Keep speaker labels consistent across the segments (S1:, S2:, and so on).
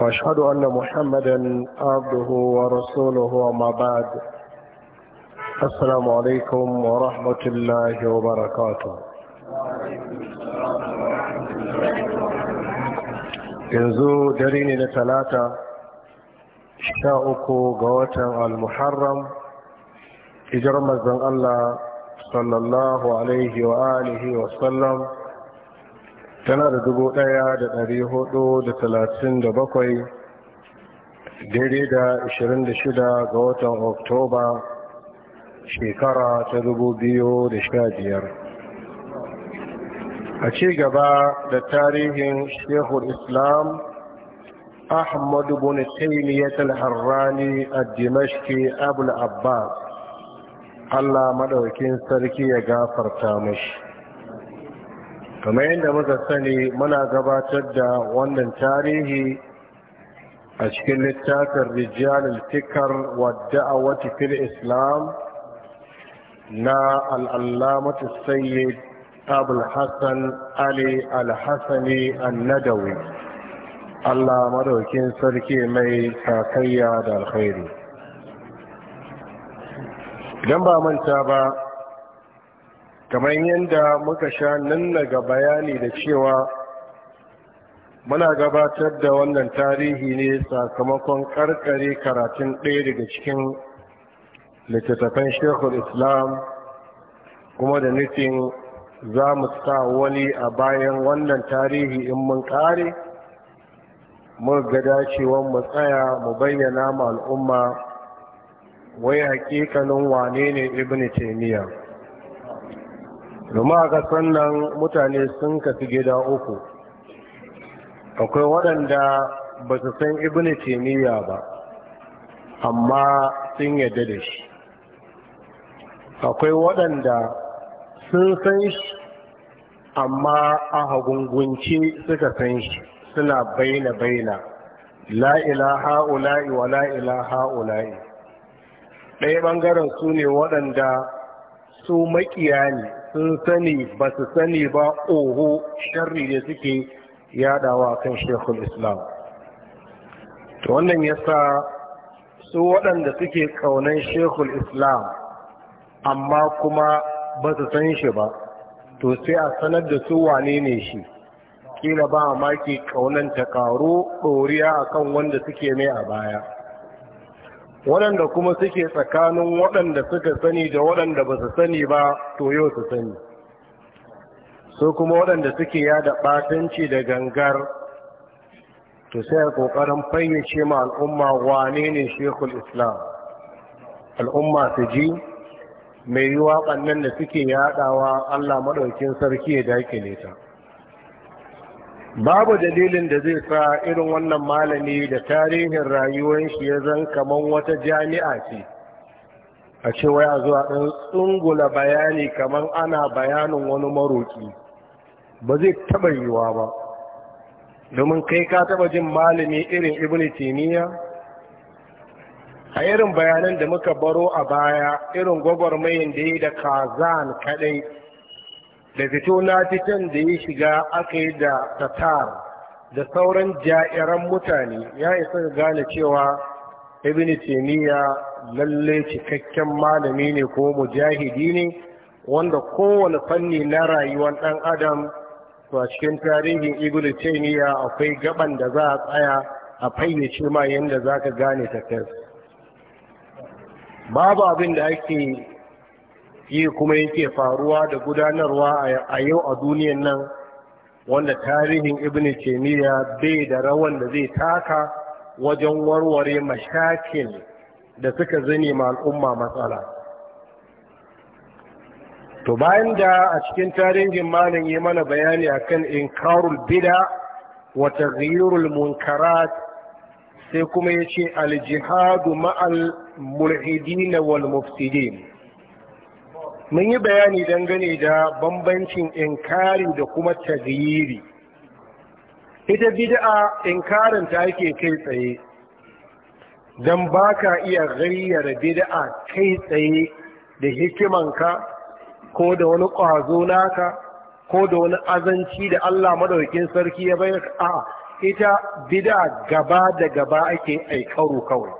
S1: واشهد ان محمدا عبده ورسوله وما بعد السلام عليكم ورحمه الله وبركاته yanzu dare ne na talata sha uku ga watan al-muharram hijirar mazan allah sallallahu alaihi wa alihi wasallam tana da dubu ɗaya da ɗari hudu da talatin da bakwai daidai da ashirin da shida ga watan oktoba shekara ta dubu biyu da sha biyar a ci gaba da tarihin shehul islam ahmad bin taymiyyat al-harrani a dimashki abul abbas Allah maɗaukin sarki ya gafarta mashi kamar yadda muka sani muna gabatar da wannan tarihi a cikin littafin rijalul fikar wadda a wata fil islam na al'allamatu sayyid abul hassan ali al-hassani annadawi allah madaukin sarki mai sakayya da alkhairi idan ba manta ba kamar yadda muka sha nan daga bayani da cewa muna gabatar da wannan tarihi ne sakamakon karkare karatun ɗaya daga cikin littattafan shekul islam kuma da nufin za mu sa wani a bayan wannan tarihi in mun ƙare mun ga dacewan mu tsaya mu bayyana ma al'umma wai hakikanin wane ne ibn taymiyyah domin a kasan nan mutane sun kasu gida uku akwai waɗanda ba su san ibini temiya ba amma sun yadda da shi akwai waɗanda sun san shi amma a hagungunci suka san shi suna baina-baina la'ila ha'ula'i wa la'ila ha'ula'i ɗaya ɓangaren su ne waɗanda su makiya ne sun sani ba su sani ba oho sharri da suke yadawa kan shekul islam to wannan yasa su waɗanda suke ƙaunan shekul islam amma kuma ba su san shi ba to sai a sanar da su wane ne shi kila ba a maki ƙaunan ta ƙaru ɗoriya akan wanda suke mai a baya waɗanda kuma suke tsakanin waɗanda suka sani da waɗanda ba su sani ba to yau su sani su kuma waɗanda suke yada ɓatanci da gangar to sai a ƙoƙarin fayyace ma al'umma wane ne shekul islam al'umma su ji mai yi waƙannan da suke yaɗawa allah maɗaukin sarki ya dakile ta babu dalilin da zai sa irin wannan malami da tarihin rayuwar shi ya zan kaman wata jami'a ce a cewa ya zuwa ɗan tsungula bayani kamar ana bayanin wani maroki ba zai taɓa yiwa ba domin kai ka taɓa jin malami irin ibn timiya a irin bayanan da muka baro a baya irin gwagwarmayin da yi da kazan kaɗai da fito na da ya shiga aka yi da tatar da sauran ja'iran mutane ya isa gane cewa ibini teniya lalle cikakken malami ne ko mujahidi ne wanda kowane fanni na rayuwar ɗan adam to a cikin tarihin ibini teniya akwai gaban da za a tsaya a fayyace ma yadda za ka gane ta babu abin da ake yi kuma yake faruwa da gudanarwa a yau a duniyan nan wanda tarihin ibn taimiyya bai da rawan da zai taka wajen warware mashakin da suka zane ma al'umma matsala to bayan da a cikin tarihin malam yi mana bayani akan inkarul bida wa taghyirul munkarat sai kuma yace al jihadu al mulhidin wal mufsidin mun yi bayani dangane da bambancin inkari da kuma tagiri ita bid'a inkarin ta ake kai tsaye don ba ka iya gayyara bid'a kai tsaye da hikimanka ko da wani ƙwazo naka ko da wani azanci da Allah madaukin sarki ya bai a ita bid'a gaba da gaba ake aikaru kawai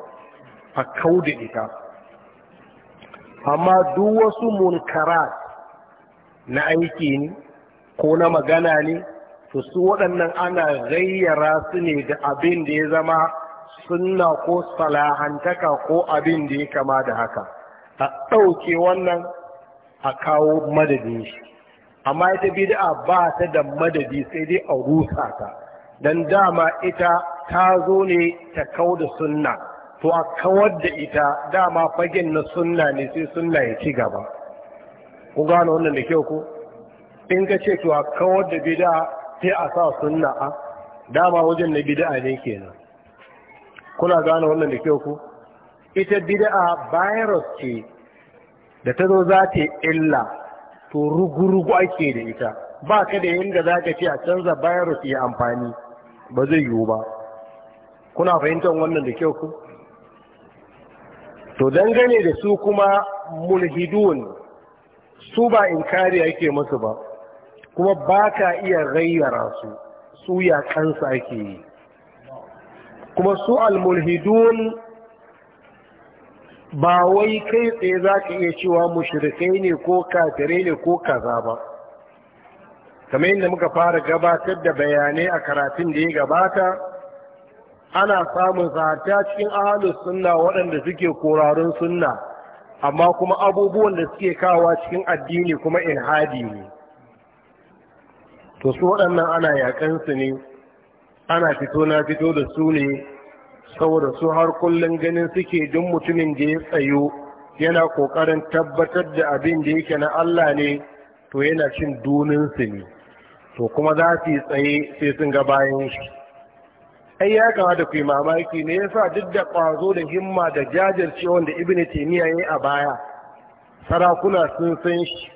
S1: a kau da ita amma duk wasu munkarat na aiki ne ko na magana ne to su waɗannan ana gayyara su ne da abin da ya zama sunna ko salahantaka ko abin da ya kama da haka a ɗauke wannan a kawo madadin shi amma ita bid'a ba ta da madadi sai dai a rusa ta don dama ita ta zo ne ta kau da sunna to a kawar da ita dama fagen na sunna ne sai suna ya ci gaba ku gano wannan da kyau ko in ka ce to a kawar da bid'a sai a sa sunna a dama wajen na bid'a ne kenan kuna gano wannan da kyau ko ita bid'a virus ce da ta zo za ta illa to rugu-rugu ake da ita ba ka da yadda za ka ce a canza virus ya amfani ba zai yiwu ba kuna fahimtar wannan da kyau ku to dangane da su kuma mulhidun su ba inkari ake musu ba kuma ba ka iya rayyara su su ya kansa ake yi kuma su Al-Mulhidun ba wai kai tsaye za ka iya cewa mushrikai ne ko kafirai ne ko kaza ba kamar yadda muka fara gabatar da bayanai a karatun da ya gabata ana samun zata cikin ahalus sunna waɗanda suke korarun sunna amma kuma abubuwan da suke kawa cikin addini kuma ilhadi ne to su waɗannan ana yaƙansu ne ana fito na fito da su ne saboda su har kullum ganin suke duk mutumin da ya tsayo yana ƙoƙarin tabbatar da abin da yake na Allah ne to yana cin duninsu ne to kuma za su yi tsaye sai sun ga bayan shi ai ya kama da yi mamaki ne ya sa duk da ƙwazo da himma da jajircewa da taimiyya ya yi a baya sarakuna sun san shi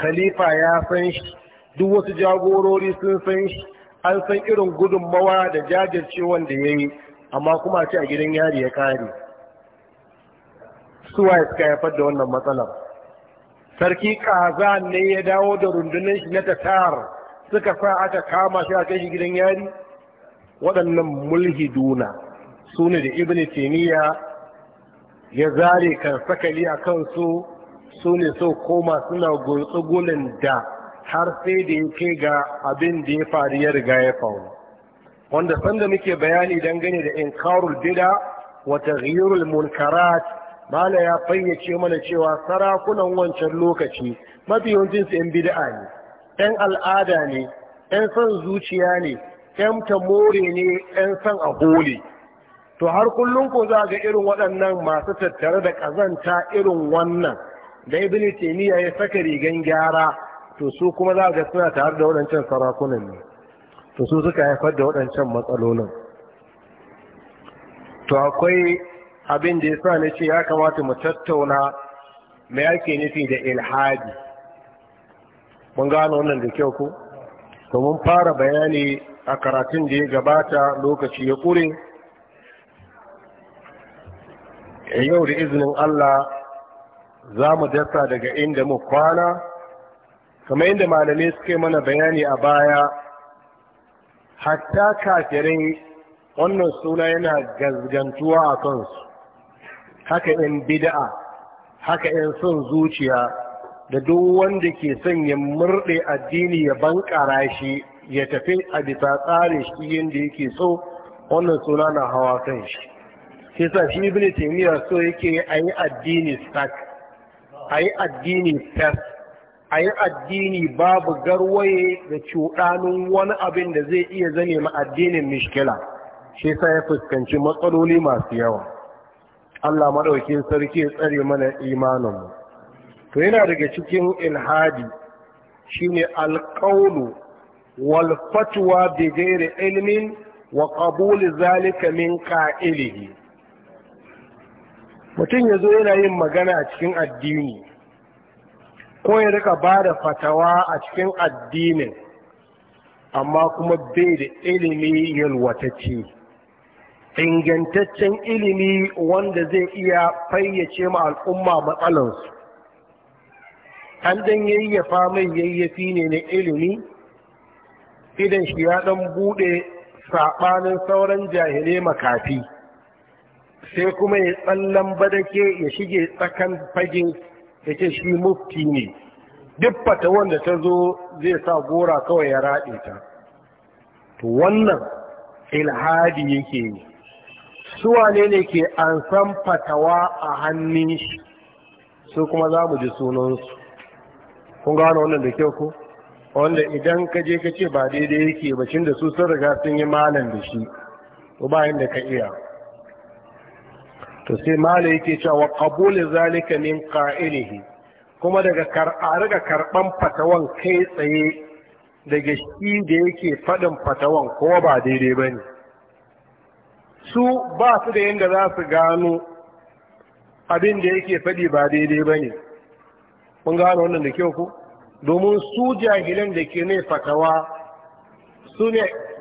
S1: khalifa ya san shi duk wasu jagorori sun san shi an san irin gudunmawa da wanda ya yi amma kuma ce a gidan yari ya kare suwa ya suka haifar da wannan matsalar sarki kaza ne ya dawo da rundunar shi na tatar suka sa aka kama shi a kai shi gidan yari waɗannan mulhiduna su ne da ibn taymiya ya zare kan sakali a kansu su ne so koma suna gulin da har sai da ya kai ga abin da ya faru ya riga ya faru wanda sanda muke bayani don dangane da karul bida wata ghirul munkarat mala ya fayyace mana cewa sarakunan wancan lokaci mafi yawancin su yan bid'a ne yan al'ada ne yan son zuciya ne 'yan more ne 'yan san a hole to har kullum ko za ga irin waɗannan masu tattare da ƙazanta irin wannan da ibn taymiya ya saka rigan gyara to su kuma za ga suna tare da waɗancan sarakunan ne to su suka haifar da waɗancan matsalolin to akwai abin da ya sa na ce ya kamata mu tattauna me ke nufi da ilhadi mun gano wannan da kyau ko to mun fara bayani a karatun da ya gabata lokaci ya ƙure eh, yau da izinin Allah za mu dasa daga inda mu kwana kamar inda malamai suke mana bayani a baya hatta kafirin wannan suna yana gazgantuwa a kansu haka in bida'a haka in son zuciya da duk wanda ke son ya murɗe addini ya bankara shi ya tafi a bisa tsarin shi yadda yake so wannan suna na hawa kan shi shi sa shi ibn taymiya so yake a yi addini sak a yi addini fes a yi addini babu garwaye da cuɗanin wani abin da zai iya zane ma addinin mishkila shi sa ya fuskanci matsaloli masu yawa Allah maɗaukin sarki ya tsare mana imaninmu to yana daga cikin ilhadi shine alƙaunu والفتوى بغير علم وقبول ذلك wa قائله zalika min qa'ilihi mutum yazo yana yin magana a cikin addini ko ya rika ba da fatawa a cikin addinin amma kuma bai da ilimi yalwatacce ingantaccen ilimi wanda zai iya fayyace ma al'umma matsalansu an dan yayyafa mai yayyafi ne na ilimi idan shi ya ɗan bude saɓanin sauran jahilai makafi sai kuma ya tsallan badake ya shige tsakan fage yake shi mufti ne duk fata wanda ta zo zai sa gora kawai ya raɗe ta to wannan ilhadi yake yi wane ne ke an san fatawa a hannun shi su kuma za mu ji sunansu kun gano wannan da kyau ko wanda idan ka je ka ce ba daidai yake ba da su sun riga sun yi malam da shi to ba da ka iya to sai malam yake cewa qabul zalika min qa'ilihi kuma daga a riga karban fatawan kai tsaye daga shi da yake faɗin fatawan ko ba daidai ba ne su ba su da yadda za su gano abin da yake faɗi ba daidai ba ne kun gano wannan da kyau ko domin su jahilan da ke mai fatawa su ne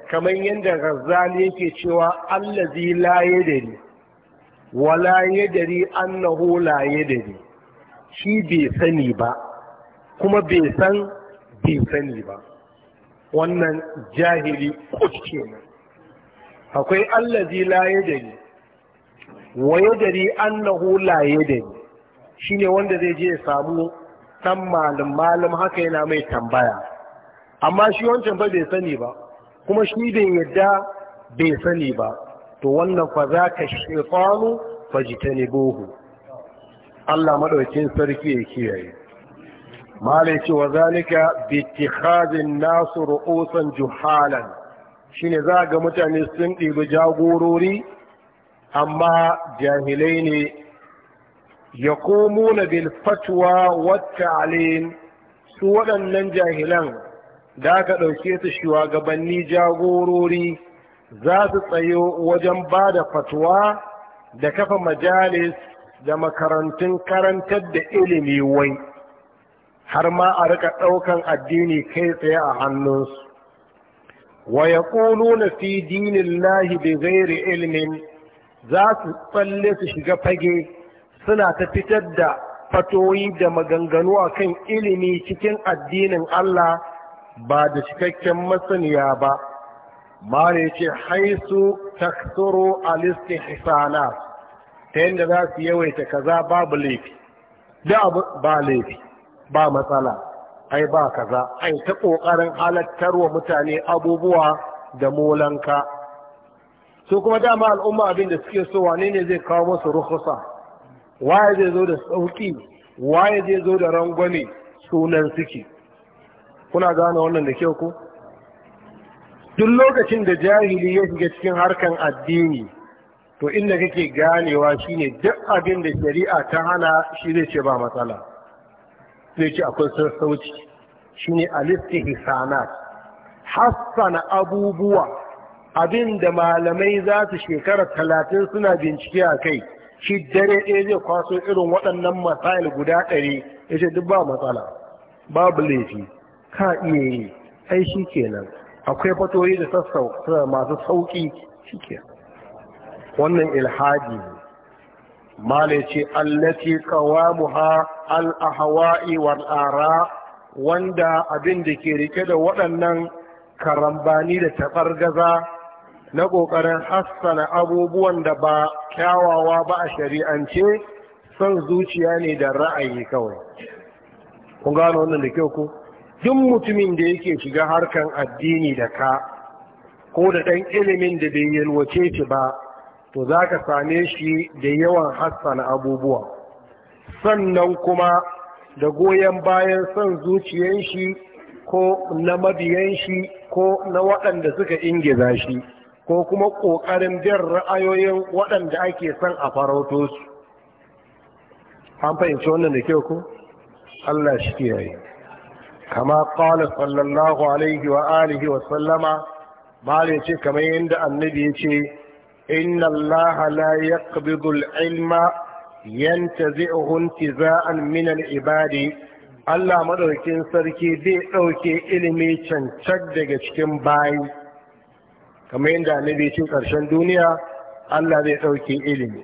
S1: kamar yadda ghazzali yake cewa allazi la yadari wala yadari annahu da ni, shi bai sani ba kuma bai san bai sani ba wannan jahili kuce ne akwai allazi da ni, wa yadari annahu ni, shi ne wanda zai je ya samu ɗan malam malam haka yana mai tambaya amma shi wancan ba bai sani ba kuma shi bai yadda bai sani ba to wannan fa za ka shefanu ne bohu Allah maɗaukin sarki ya kiyaye malai ce wa bitti hajin nasu ru'usan juhalan shi ne za ga mutane sun ɗibi jagorori amma jahilai ne yaqumuna bil fatwa wat ta'lim su waɗannan jahilan da aka ɗauke su shugabanni jagorori za su tsayo wajen ba da fatwa da kafa majalis da makarantun karantar da ilimi wai har ma a rika ɗaukan addini kai tsaye a hannunsu wa ya na fi dinin lahi bai ilimin za su tsalle su shiga fage suna ta fitar da fatoyi da maganganu a kan ilimi cikin addinin Allah ba da cikakken masaniya ba mare ce haisu taksuro listin hisana ta yadda za su yawaita kaza babu laifi da abu ba laifi ba matsala ai ba kaza ai ta ƙoƙarin wa mutane abubuwa da molanka su kuma dama al'umma abinda suke so wane ne zai kawo masu rukusa waye zai zo da sauki waye zai zo da rangwame sunan suke kuna gane wannan da kyau ko duk lokacin da jahili ya shiga cikin harkan addini to inda kake ganewa shine duk abin da shari'a ta hana shi zai ce ba matsala zai ce akwai sassauci shine alistihisanat hassana abubuwa abin da malamai za su shekara talatin suna bincike a kai shi dare ɗaya zai kwaso irin waɗannan masail guda ɗari ya ce duk ba matsala babu laifi ka iya yi ai shi kenan akwai fatoyi da sassauka masu sauƙi shi wannan ilhaji ne mala ce allati qawamuha al-ahwa'i wal ara wanda abin da ke rike da waɗannan karambani da gaza. na ƙoƙarin hassana abubuwan da ba kyawawa ba a shari'ance son zuciya ne da ra'ayi kawai kun gano wannan da kyau ku duk mutumin da yake shiga harkan addini da ka ko da ɗan ilimin da bai yalwace shi ba to za ka same shi da yawan hassana abubuwa sannan kuma da goyon bayan son zuciyar shi ko na mabiyan shi ko na waɗanda suka ingiza shi ko kuma ƙoƙarin bin ra'ayoyin waɗanda ake son a farauto su an fahimci wannan da kyau ko Allah shi ke kiyaye kama qala sallallahu alaihi wa alihi wa sallama malai ce kamar yadda annabi ya ce inna Allah la yaqbidu al-ilma yantazi'uhu intiza'an za'an minan ibadi Allah madaukin sarki zai ɗauke ilimi cancak daga cikin bayi kamar yadda annabi cin ƙarshen duniya Allah zai ɗauke ilimi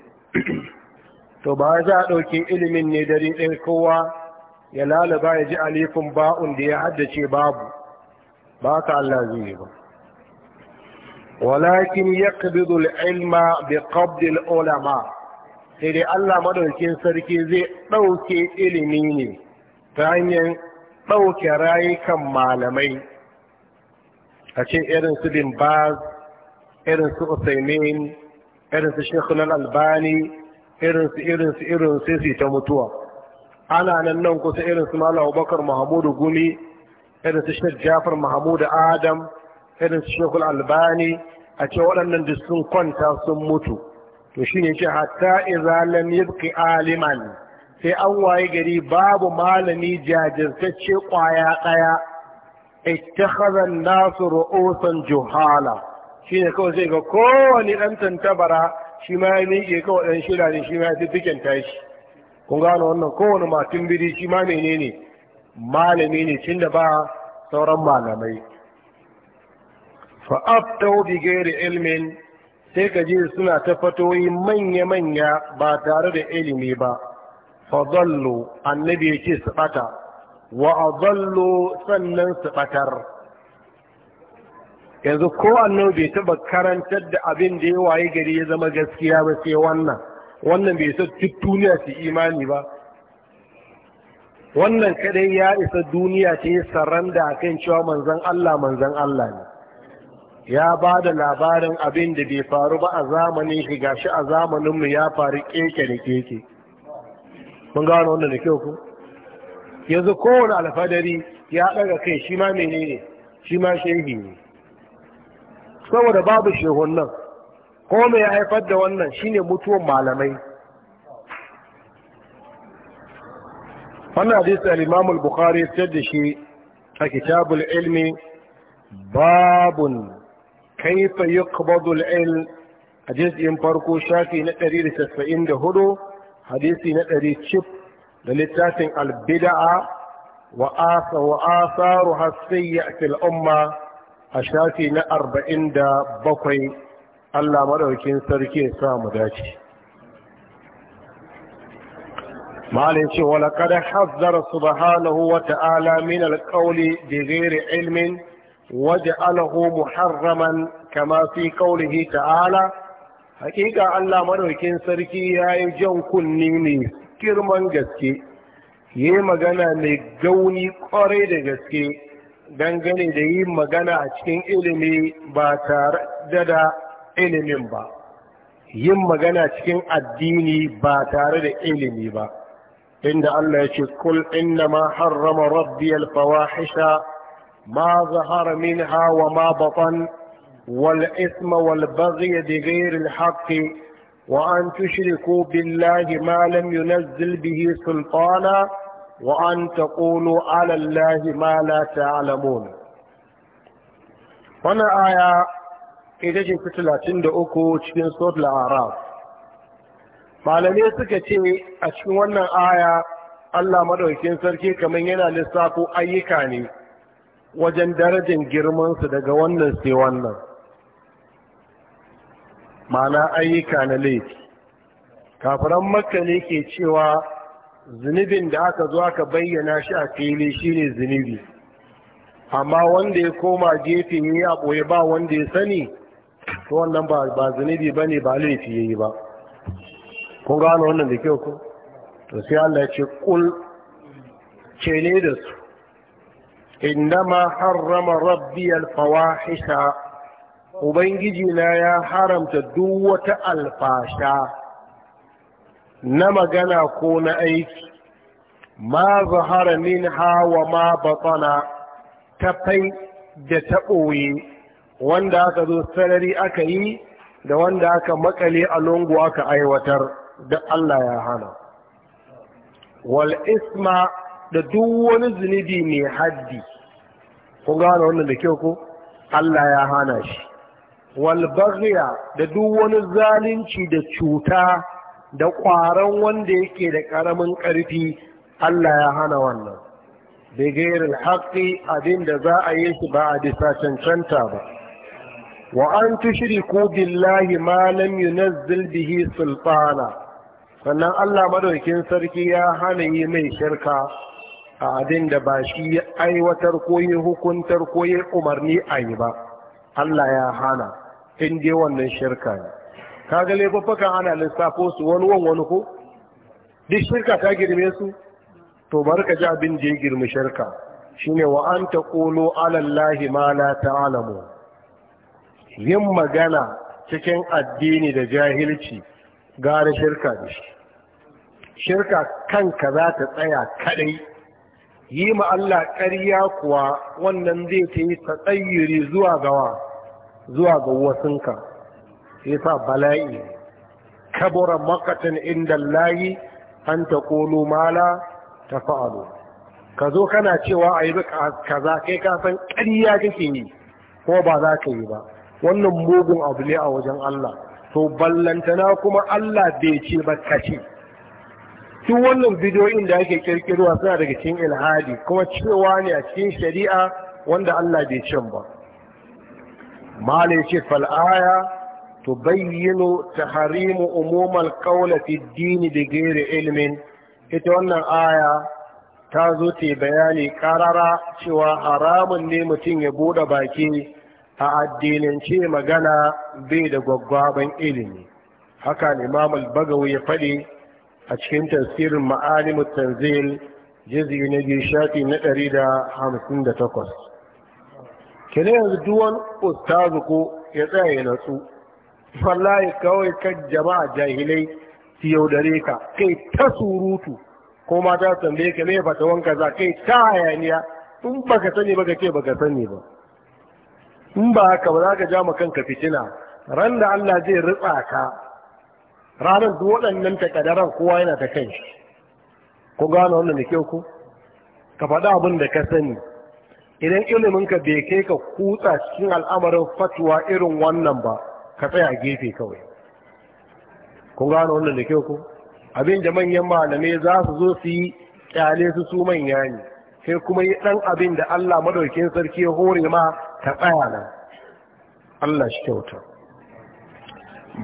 S1: to ba za a ɗauke ilimin ne dare ɗaya kowa ya lalaba ya ji alifin ba'un da ya haddace babu ba ka Allah zai ba walakin ya ƙabidu ilma bi qabdil ulama sai dai Allah madaukin sarki zai ɗauke ilimi ne ta hanyar ɗauke rayukan malamai a ce irin su bin baz irin su usaimin irin su shekhunan albani irin su irin su irin sai ta mutuwa ana nan nan kusa irin su malam abubakar mahamudu gumi irin su shek jafar mahamudu adam irin su shekul albani a ce waɗannan da sun kwanta sun mutu to shi ne ce hatta izalam yabki aliman sai an waye gari babu malami jajirtacce ƙwaya ɗaya ittakhadha an-nasu ru'usan juhala shi ne kawai zai ga kowane ɗan tantabara shi ma ya miƙe kawai ɗan shida ne shi ma ya fi tashi kun gano wannan kowane matun biri shi ma menene malami ne tun da ba sauran malamai ta bi gairi ilmin sai ka je suna ta fatoyi manya-manya ba tare da ilimi ba zallo annabi ya ce su ɓata wa sannan su ɓatar yanzu ko annabi bai taba karantar da abin da ya waye gari ya zama gaskiya ba sai wannan wannan bai isa duk duniya su imani ba wannan kadai ya isa duniya ta ce saranda kan cewa manzan Allah manzan Allah ne ya ba da labarin abin da bai faru ba a zamanin shi gashi a zamaninmu ya faru keke da keke mun gano wannan da kyau ku yanzu kowane alfadari ya ɗaga kai shi ma menene shi ma shehi ne saboda babu shehun nan ko mai haifar da wannan shine mutuwan malamai wannan hadisi al-imam al-bukhari da shi a kitabul ilmi babun kaifa yuqbadu al-ilm a jiz'in farko shafi na 194 hadisi na 100 da littafin al-bid'a wa asa wa asaru hasiyya fil umma a shafi na arba'in da bakwai Allah maɗaukin sarki ya sa mu dace malin ce wala kada hazzara subhanahu wa ta'ala min alƙauli bi ghairi ilmin alahu muharraman kama fi ta'ala hakika Allah maɗaukin sarki yayi jan kunni ne girman gaske yayi magana mai gauni ƙwarai da gaske dangane da yin magana a cikin ilimi ba tare da ilimin ba yin magana cikin addini ba tare da ilimi ba inda Allah ya ce kul innama harrama rabbi al-fawahisha ma zahara minha wa ma batan wal isma wal baghy bi ghayri al-haqqi wa an tushriku billahi ma lam yunzil bihi sultana وأن تقولوا على الله ما لا تعلمون wannan aya ita ce ta talatin da uku cikin suratul araf malamai suka ce a cikin wannan aya Allah madaukakin sarki kamar yana lissafo ayyuka ne wajen darajar girmansu daga wannan sai wannan ma'ana ayyuka na laifi kafiran makka ne ke cewa zunubin da aka zo aka bayyana shi a fili shine zunubi amma wanda ya koma gefe ya ɓoye ba wanda ya sani to wannan ba zunubi ba ne ba laifi ya yi ba kun gano wannan da kyau ku to sai Allah ce kul ce ne da su innama harrama rabbi alfawahisha ubangiji na ya haramta duk wata alfasha na magana ko na aiki ma zahara min wa ma batana fai da ta taɓoye wanda aka zo sarari aka yi da wanda aka makale a lungu aka aiwatar da Allah ya hana wal isma da duk wani zunubi mai haddi ko gane wannan da kyau ko Allah ya hana shi wal da duk wani zalunci da cuta da ƙwaron wanda yake da ƙaramin ƙarfi Allah ya hana wannan bigairil haqqi abin da za a yi shi ba a bisa cancanta ba wa an tushriku billahi ma lam yunazzil bihi sultana sannan Allah madaukin sarki ya hana yi mai shirka a abin da ba shi ya aiwatar ko yi hukuntar ko yi umarni a yi ba Allah ya hana in dai wannan shirka ne Ka kaga laifuffukan ana lissafo su wani wani wani ko duk shirka ta girme su to bar ka ji abin da ya girmi shirka shine wa an ta kolo alallahi ma la ta'lamu yin magana cikin addini da jahilci gara shirka da shi shirka kanka za ta tsaya kadai yi ma Allah ƙarya kuwa wannan zai ta yi tsayyiri zuwa gawa zuwa ga wasunka yasa bala'i kabura maqatan inda layi an taqulu ma ta tafa'alu ka zo kana cewa ayi kaza kai ka san ƙarya kake yi ko ba za ka yi ba wannan mugun abu ne a wajen Allah to ballantana kuma Allah bai ce ba ka ce duk wannan bidiyoyin da ake kirkirwa suna daga cikin ilhadi kuma cewa ne a cikin shari'a wanda Allah bai cin ba malai ce fal'aya tubayyinu taharimu umumal qawla fi dini bi ghairi ita wannan aya ta zo ta bayani karara cewa haramun ne mutum ya bude baki a addinance magana bai da gwaggwaban ilimi haka imam al-bagawi ya faɗi a cikin tafsirin ma'alimut tanzil jizi na biyu na ɗari da hamsin da takwas Kina yanzu duwan ustazu ya tsaya ya natsu wallahi kawai kan jama'a jahilai su yaudare ka kai ta surutu ko mata tambaye ka me fata wanka za kai ta hayaniya in baka sani ba ka ce baka sani ba in ba haka ba za ka ja ma kanka fitina ran da Allah zai ritsa ka ranar duk waɗannan takadaran kowa yana ta kai. Ku ko wannan da kyau ku. ka faɗa abin da ka sani idan ilimin ka bai kai ka kutsa cikin al'amarin fatuwa irin wannan ba ka tsaya a gefe kawai kun gano wannan da kyau ko abin da manyan malamai za su zo su yi kyale su su manya ne sai kuma yi ɗan abin da Allah madaukin sarki ya hore ma ka tsaya nan Allah shi kyauta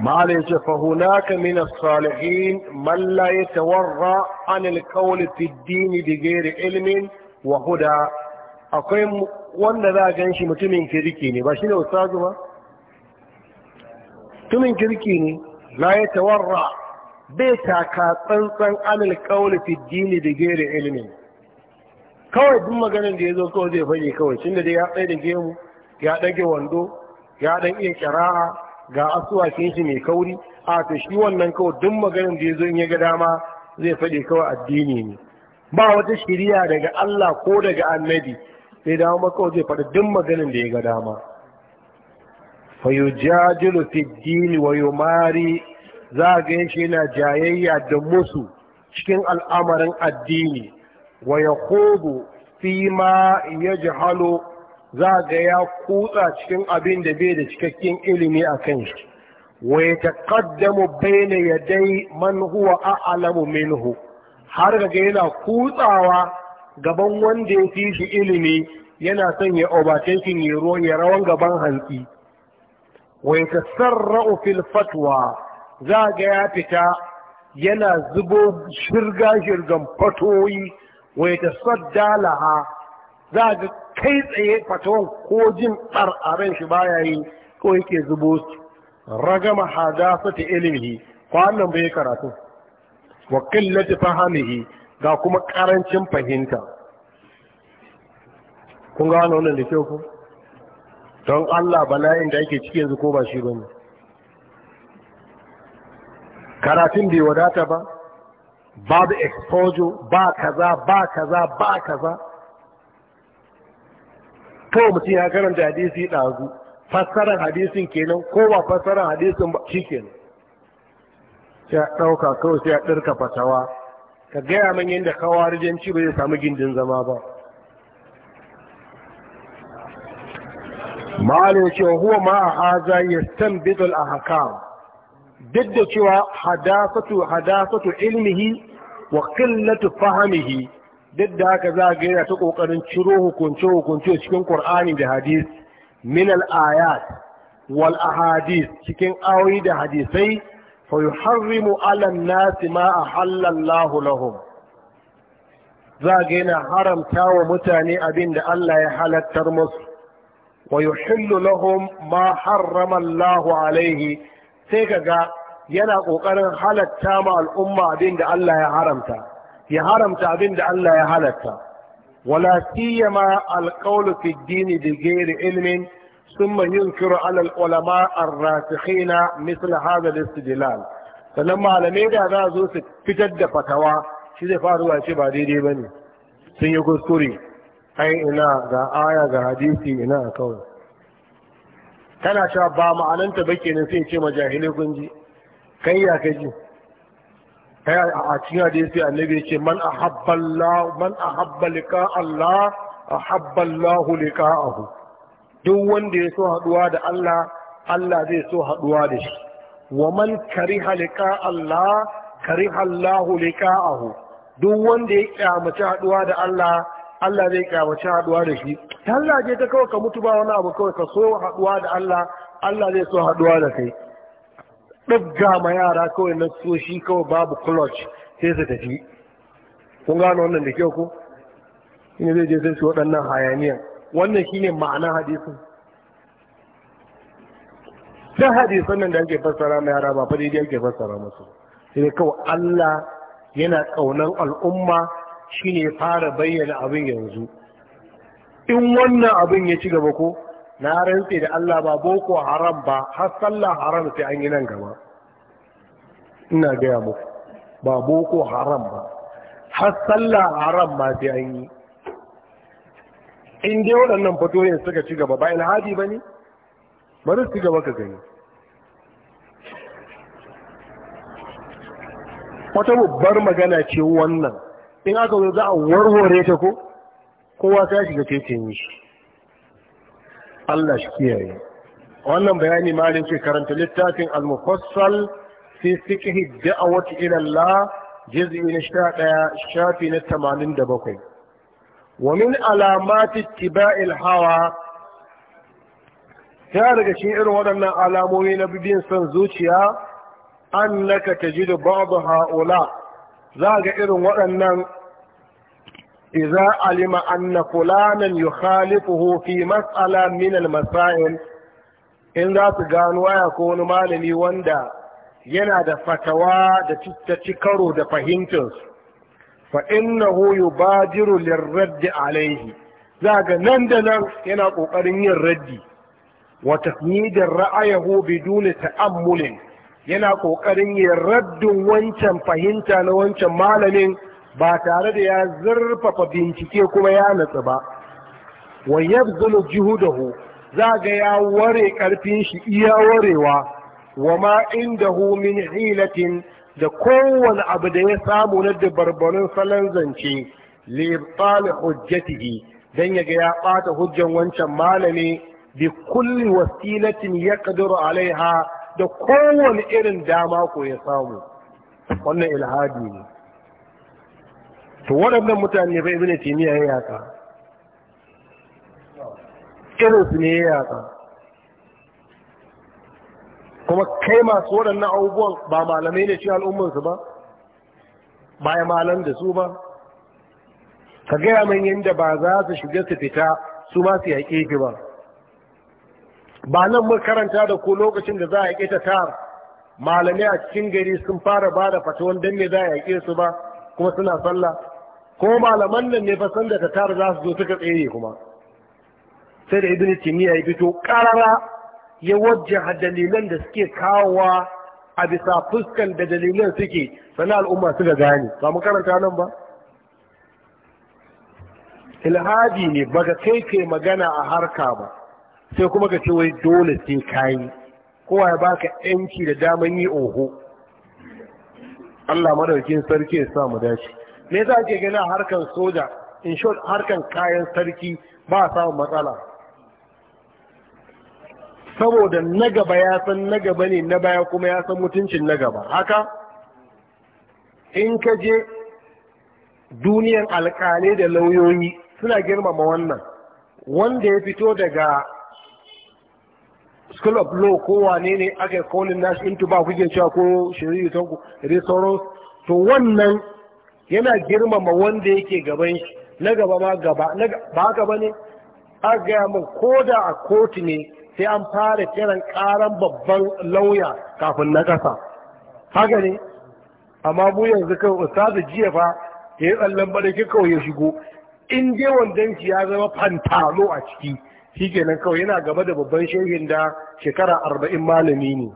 S1: malai ce fahunaka min as-salihin man la yatawarra an al-qawl fi ad-din wa huda akwai wanda za a gan shi mutumin kirki ne ba shi ne ustazu ba tunin kirki ne la ya tawarra bai taka tsantsan anil kauli fi dini da gere ilimi kawai duk maganin da ya zo kawai zai fage kawai tunda da ya tsaye da gemu ya ɗage wando ya ɗan iya kira'a ga asuwa shi mai kauri a to shi wannan kawai duk maganin da ya zo in ya ga dama zai faɗi kawai addini ne ba wata shiriya daga Allah ko daga annabi sai dama kawai zai faɗi duk maganin da ya ga dama fa yujadilu fi wa yumari za ga shi yana jayayya da musu cikin al'amarin addini wa kogo fi ma halo za ga ya kutsa cikin abin da bai da cikakken ilimi a kan shi wa ya taƙaddamu baina ya dai man huwa a'lamu minhu har ga yana kutsawa gaban wanda ya fi shi ilimi yana son ya overtaking ya rawan gaban hantsi Wai yatasarra'u fil fatwa za ga ya fita yana zubo shirga shirgan fatoyi wai yatasadda laha za ga kai tsaye fatawan ko jin tsararen shi baya yi ko yake zubo su ragama hadasata ilmihi kwanan bai karatu wa qillati fahamihi ga kuma ƙarancin fahimta kun gano wannan da kyau ku don Allah bala'in da yake ciki yanzu ko ba shi bane karatun bai wadata ba babu exposure ba kaza ba kaza ba kaza kawai mutum ya karanta hadisi ɗazu fassarar hadisin kenan ko ba fassarar hadisin ba shi kenan sai a ɗauka kawai sai a ɗirka fatawa ka gaya min yadda kawarijanci ba zai samu gindin zama ba ma'ana cewa huwa ma a haza ya tambidul a haka duk da cewa hadasatu hadasatu ilmihi wa qillatu fahmihi duk da haka za ga yana ta kokarin ciro hukunce hukunce cikin Qur'ani da hadis min al ayat wal ahadith cikin ayoyi da hadisai fa yuharrimu ala an-nas ma ahalla Allah lahum za ga yana haramta wa mutane abin da Allah ya halattar musu wa yuhillu lahum ma harrama Allahu alaihi sai kaga yana kokarin halatta ma al'umma abin da Allah ya haramta ya haramta abin da Allah ya halatta wala siyama alqawlu fi din bi ghairi ilmin ثم ينكر على العلماء الراسخين مثل هذا الاستدلال sannan malamai da za zo su fitar da fatawa shi zai faruwa ce ba daidai ba ne sun yi kuskure ai ina ga aya ga hadisi ina kawai tana cewa ba ma'ananta ba nan sai ce ma jahilai kun ji kai ya kai ji kai a cikin hadisi annabi ya ce man a Allah man Allah, a Allah lahu Allah liqa'ahu duk wanda ya so haduwa da Allah Allah zai so haduwa da shi wa man kariha liqa Allah kariha Allah ahu duk wanda ya kyamaci haduwa da Allah Allah zai kyamaci haduwa da shi Allah je ta kawai ka mutu ba wani abu kawai ka so haduwa da Allah Allah zai so haduwa da kai ɗabga ma yara kawai na so shi kawai babu clutch sai su tafi kun gano wannan da kyau ko shine zai je sai su waɗannan hayaniya wannan shine ma'ana hadisin ta hadisan nan da ake fassara ma yara ba fa daidai ake fassara musu sai kawai Allah yana ƙaunar al'umma Shi ne fara bayyana abin yanzu in wannan abin ya ci gaba ko na rantse da Allah ba boko haram ba har sallah haram sai an yi nan gaba ina gaya muku ba boko haram ba har sallah haram ma sai an yi in dai waɗannan fatoyin suka ci gaba ba ilhadi ba ne bari su gaba ka gani wata babbar magana ce wannan in aka zo za a warware ta ko kowa ta shiga teken shi Allah shi kiyaye wannan bayani malin ce karanta littafin al-mufassal fi fiqhi da'awati ila Allah juz'i na 11 shafi na 87 wa min alamati ittiba'il hawa ta daga cikin irin waɗannan alamomi na bibin son zuciya annaka tajidu ba'd ha'ula za ga irin waɗannan إذا علم أن فلانا يخالفه في مسألة من المسائل in za su gano waya ko wani malami wanda yana da fatawa da ci da fahimtar. fa innahu yubadiru lirraddi alaihi za ga nan da nan yana ƙoƙarin yin raddi wa tasnidin ra'ayahu biduni ta'ammulin yana ƙoƙarin yin raddin wancan fahimta na wancan malamin ba tare da ya zurfafa bincike kuma ya natsu ba wa yabzulu juhudahu za ga ya ware karfin shi iya warewa wa ma indahu min hilatin da kowane abu da ya samu na dabarbarin salon zance li hujjatihi dan yaga ya ɓata hujjan wancan malami bi kulli wasilatin yaqdiru alaiha da kowane irin dama ko ya samu wannan ilhadi ne to waɗannan mutane bi ne taymiya ya yaƙa irin su ne ya yaƙa kuma kai masu waɗannan abubuwan ba malamai ne cikin al'ummansu ba ba ya malam da su ba ka gaya min yadda ba za su shiga su fita su ma su yaƙe fi ba ba nan mun karanta da ku lokacin da za a yaƙe ta tar malamai a cikin gari sun fara ba da fatawan don me za a yaƙe su ba kuma suna sallah ko malaman nan ne fa san da tatar za su zo suka tsere kuma sai da ibnu timiya ya fito karara ya wajja dalilan da suke kawowa a bisa fuskan da dalilan suke sana al'umma suka gane ba mu karanta nan ba ilhadi ne baka kai kai magana a harka ba sai kuma ka ce wai dole sai kayi kowa ya baka yanci da daman yi oho Allah madaukin sarki ya sa mu dace me za ke gani a harkar soja in short harkar kayan sarki ba a samun matsala saboda na gaba ya san na gaba ne na baya kuma ya san mutuncin na gaba haka in ka je duniyan alkalai da lauyoyi suna girmama wannan wanda ya fito daga school of law ko wane ne aka kolin nashi into ba kuke cewa ko shari'a ta ku to wannan yana girmama wanda yake gaban shi na gaba ma gaba ba haka ba ne a gaya min ko da a kotu ne sai an fara kiran karan babban lauya kafin na kasa haka ne amma mu yanzu kan ustazu jiya fa ya yi tsallan bada ki kawai ya shigo in je wandan shi ya zama fantalo a ciki shi kenan kawai yana gaba da babban shehin da shekara arba'in malami ne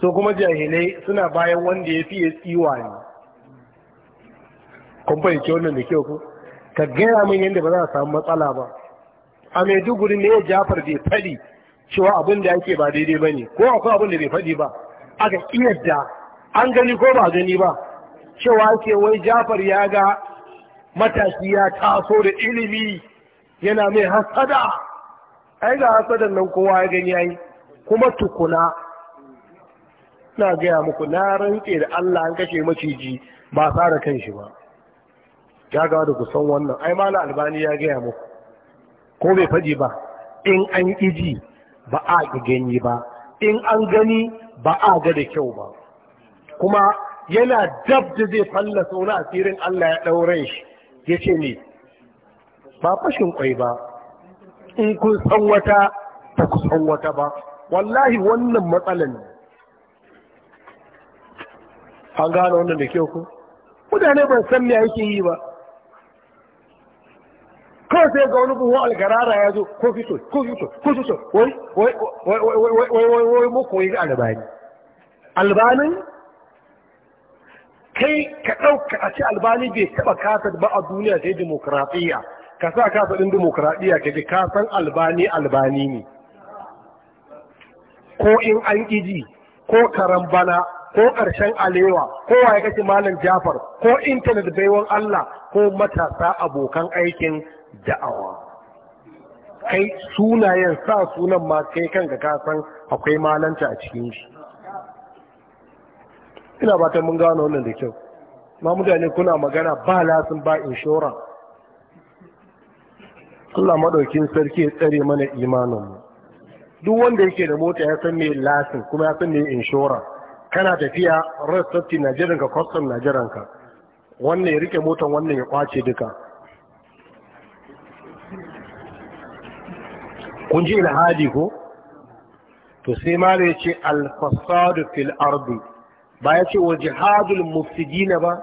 S1: so kuma jahilai suna bayan wanda ya fiye tsiwa ne kun fahimci wannan da kyau ku ka gaya min yadda ba za a samu matsala ba a maiduguri ne ya jafar bai faɗi cewa abin da ake ba daidai ba ne ko akwai abin da bai faɗi ba aka da an gani ko ba gani ba cewa ake wai jafar ya ga matashi ya taso da ilimi yana mai hasada ai ga hasadan nan kowa ya gani ai kuma tukuna na gaya muku na rantse da Allah an kashe maciji ba da kan shi ba ya gawa da kusan wannan ai mala albani ya gaya muku ko bai faɗi ba in an iji ba a ki gani ba in an gani ba a ga da kyau ba kuma yana dab da zai fallasa wani asirin Allah ya ɗaure shi ya ce ne ba fashin kwai ba in kun san wata ba kusan wata ba wallahi wannan matsalan ne an gane wannan da kyau ko mutane ban san me yake yi ba kawai sai ga wani buhu algarara ya zo ko fito ko fito ko fito wai wai wai wai wai wai wai albani albanin kai ka ɗauka a ce albani bai taɓa kasar ba a duniya sai demokradiyya ka sa kasa ɗin demokradiyya ka ji kasan albani albani ne ko in an ƙiji ko karambana. bana ko ƙarshen alewa ko waye kake malam jafar ko intanet baiwan Allah ko matasa abokan aikin da'awa kai sunayen sa sunan ma kai kan ka san akwai malanta a cikin shi ina ta mun gano wannan da kyau ma mutane kuna magana ba lasin ba inshora Allah maɗaukin sarki ya tsare mana imanin mu. duk wanda yake da mota ya san me lasin kuma ya san me inshora kana tafiya red safety na jiranka kwastan na jiranka wannan ya rike motan wannan ya kwace duka kunji ilhadi ko to sai ya ce alfasadu fil ardi ba ya ce wa jihadul mufsidina ba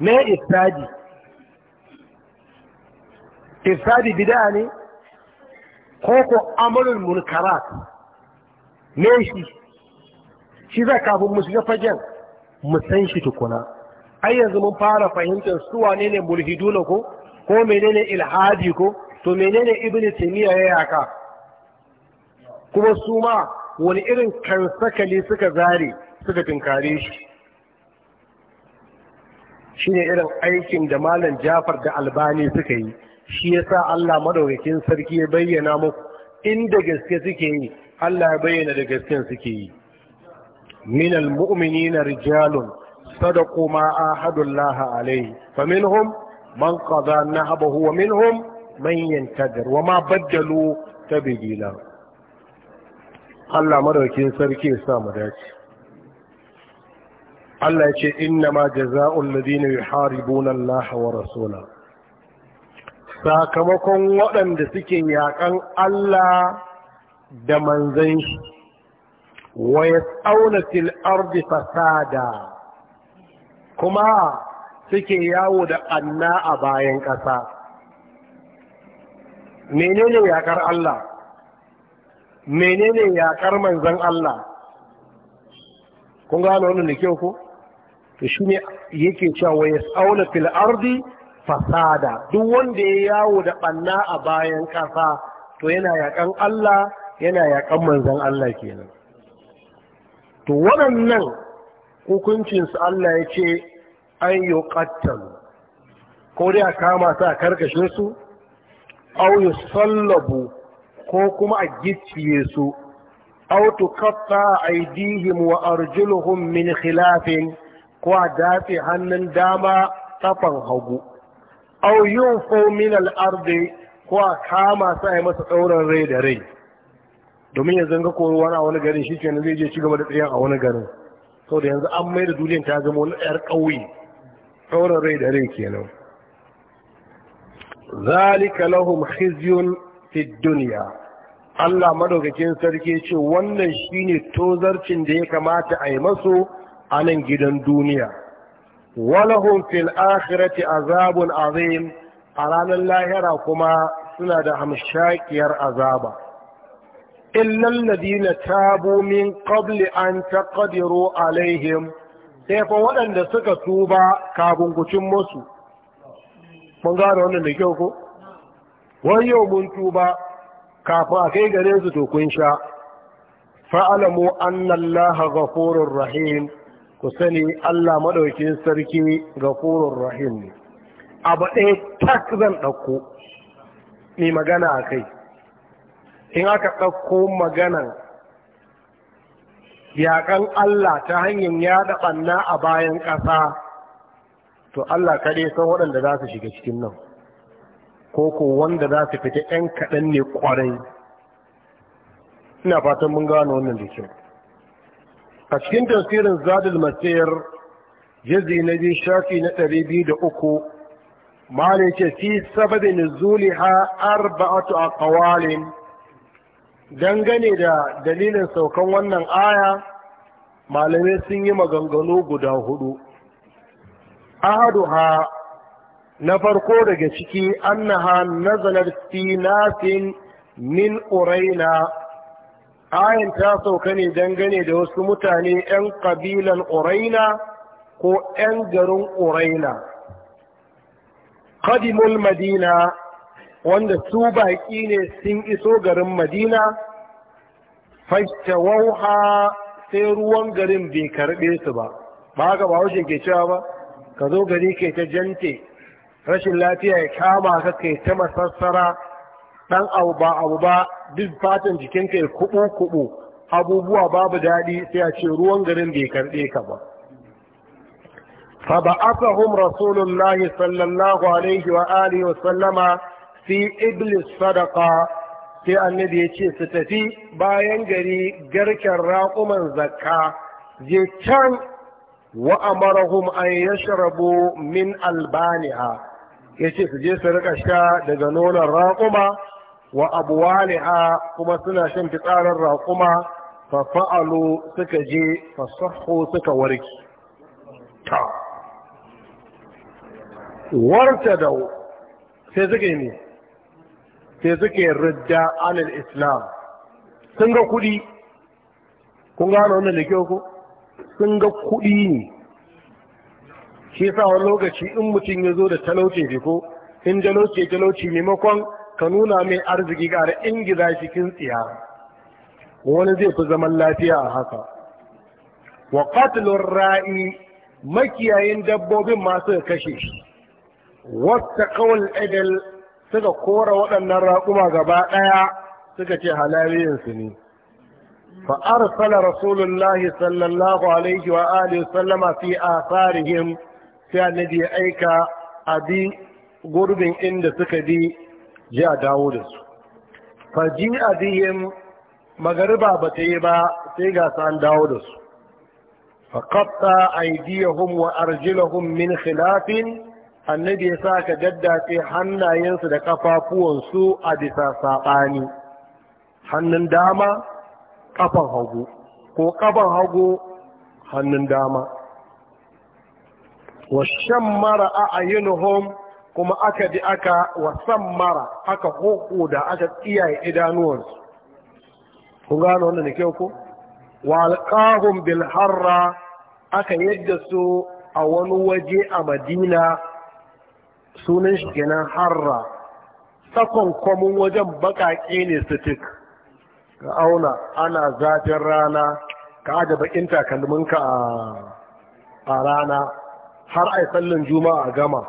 S1: na ifsadi ifsadi bid'a ne ko ko amalul munkarat ne shi shi za kafin mu shiga fagen mu san shi tukuna ai yanzu mun fara fahimtar su wane ne mulhiduna ko ko menene ilhadi ko to menene ibn taymiya ya yaka kuma su ma wani irin kansakali suka zare suka tinkare shi shine irin aikin da malam Jafar da Albani suka yi shi yasa Allah madaukakin sarki ya bayyana muku inda gaske suke yi Allah ya bayyana da gaske suke yi من المؤمنين رجال صدقوا ما عاهدوا الله عليه فمنهم من قضى نهبه ومنهم من ينتظر وما بدلوا تبديلا Allah madaukin sarki ya sa mu dace Allah ya ce innama jazaa'ul wa sakamakon waɗanda suke yakan Allah da manzon wa yas'auna fil ardi fasada kuma suke yawo da anna a bayan ƙasa menene yakar Allah menene yakar manzon Allah kun gano wannan da kyau ko to shine yake cewa wa yas'auna fil ardi fasada duk wanda ya yawo da anna a bayan ƙasa to yana yakan Allah yana yakan manzon Allah kenan to waɗannan hukuncinsu Allah ya ce an yi ƙattalu ko dai a kama ta a karkashin su au yi sallabu ko kuma a gicciye su au yi aidihim wa arjuluhum min khilafin ko a dafe hannun dama kafan hagu au fomin min ko a kama sa yi masa tsaurin rai da rai domin yanzu ga koruwa wani a wani garin shi kenan zai je ci gaba da tsayen a wani garin saboda yanzu an mai da duniyar ta zama wani yar ƙauye Auren rai da rai kenan zalika lahum khizyun fi dunya Allah madaukakin sarki ce wannan shine tozarcin da ya kamata a yi masu a nan gidan duniya walahum fil akhirati azabun azim a ranar lahira kuma suna da hamshakiyar azaba illal ladina tabu min qabli an taqdiru alaihim sai fa waɗanda suka tuba kafin kucin musu mun gane wannan da kyau ko wani yau mun tuba kafin a kai gare su to kun sha fa'alamu annallaha ghafurur rahim ku sani Allah madaukin sarki ghafurur rahim ne abu ɗaya tak zan ɗauko mai magana a kai in aka ɗauko maganan yaƙan Allah ta hanyar yaɗa ɓanna a bayan ƙasa to Allah kaɗai san waɗanda za su shiga cikin nan ko ko wanda za su fita ‘yan kaɗan ne ƙwarai ina fatan mun gano wannan da kyau a cikin tasirin zadul masir jazi na biyu shafi na ɗari biyu da uku malin ce fi sababin zuliha arba'atu a ƙawalin dangane da dalilin saukan wannan aya malamai sun yi maganganu guda hudu ahaduha na farko daga ciki annaha nazalar finafin min uraina ayin ta sauka ne dangane da wasu mutane 'yan kabilan uraina ko 'yan garin uraina qadimul madina wanda su baƙi ne sun iso garin madina wauha sai ruwan garin bai karɓe su ba ba ga ba wajen ke cewa ba ka zo gari ke ta jante rashin lafiya ya kama ka kai ta masassara ɗan abu ba abu ba duk fatan jikinka ya kuɓu-kuɓu abubuwa babu daɗi sai a ce ruwan garin bai karɓe ka ba فبعثهم رسول الله صلى الله عليه وآله وسلم fi iblis sadaka sai annabi ya ce su tafi bayan gari garken raƙuman zakka je can wa amarahum an yashrabu min albaniha ya ce su je su rika sha daga nonon raƙuma wa abuwaliha kuma suna shan fitsarar raƙuma fa fa'alu suka je fa suka warki ta warta da sai suka yi ne sai suke rudda alal islam sun ga kuɗi kun gano wannan da kyau ko sun ga kuɗi ne shi sa wani lokaci in mutum ya zo da talauci ne ko in talauci talauci maimakon ka nuna mai arziki gara in gida cikin tsiya wani zai fi zaman lafiya a haka wa qatlur ra'i makiyayin dabbobin masu kashe shi wasta qawl adal suka kora waɗannan raƙuma gaba ɗaya suka ce halayensu ne fa arsala rasulullahi sallallahu alaihi wa alihi sallama fi asarihim sai annabi ya aika a bi gurbin inda suka bi ji a dawo da su fa ji a bihim magariba ba ta yi ba sai ga su an dawo da su fa qatta aydiyahum wa arjulahum min khilafin annabi ya sa ka daddace hannayensu da kafafuwansu a bisa saɓani hannun dama ƙafan hagu ko ƙafan hagu hannun dama shan mara a ayyunuhum kuma aka ji aka wasan mara aka hoko da aka tsiyaye idanuwansu kun gano wannan da kyau ko walƙahun bilharra aka yadda su a wani waje a madina sunan shi kenan harra sakon kwamin wajen baƙaƙe ne su tik ka auna ana zafin rana ka aje bakin takalminka a rana har ai sallan juma'a a gama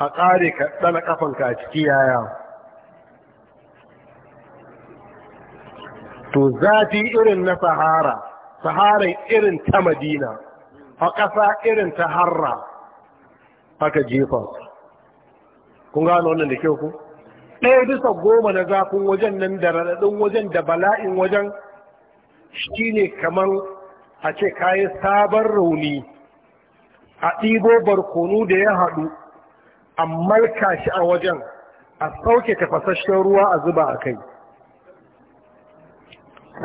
S1: a ƙare ka ɗana ƙafanka a ciki yaya to zafi irin na sahara saharar irin ta madina a ƙasa irin ta harra aka jefa kun gano wannan da kyau ku ɗaya bisa goma na zafin wajen nan da raɗaɗin wajen da bala'in wajen shi ne kamar a ce kayi sabon rauni a ɗibo barkonu da ya haɗu a malka shi a wajen a sauke tafasasshen ruwa a zuba a kai